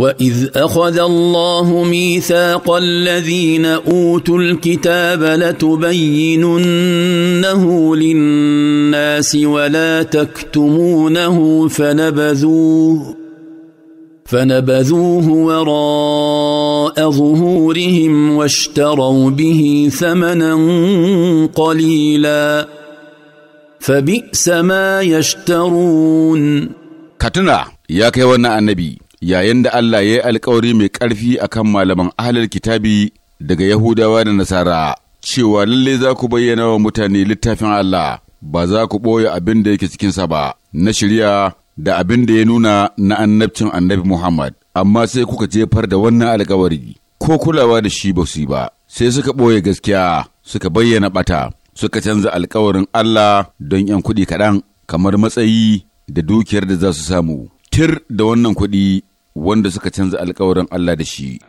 واذ اخذ الله ميثاق الذين اوتوا الكتاب لتبيننه للناس ولا تكتمونه فنبذوه فنبذوه وراء ظهورهم واشتروا به ثمنا قليلا فبئس ما يشترون كتنا يا كيوانا النبي yayin da Allah ya yi alkawari mai ƙarfi a kan malaman ahalar kitabi daga Yahudawa da Nasara, cewa lalle za ku bayyana wa mutane littafin Allah, ba za ku ɓoye abin da yake cikinsa ba, na shirya da abin da ya nuna na annabcin annabi Muhammad, amma sai kuka jefar da wannan alkawari, ko kulawa da shi ba su yi ba, sai suka ɓoye gaskiya, suka bayyana ɓata, suka canza alkawarin Allah don ‘yan kuɗi kaɗan, kamar matsayi da dukiyar da za su samu. Tir da wannan kuɗi wanda suka canza alkawarin Allah da shi.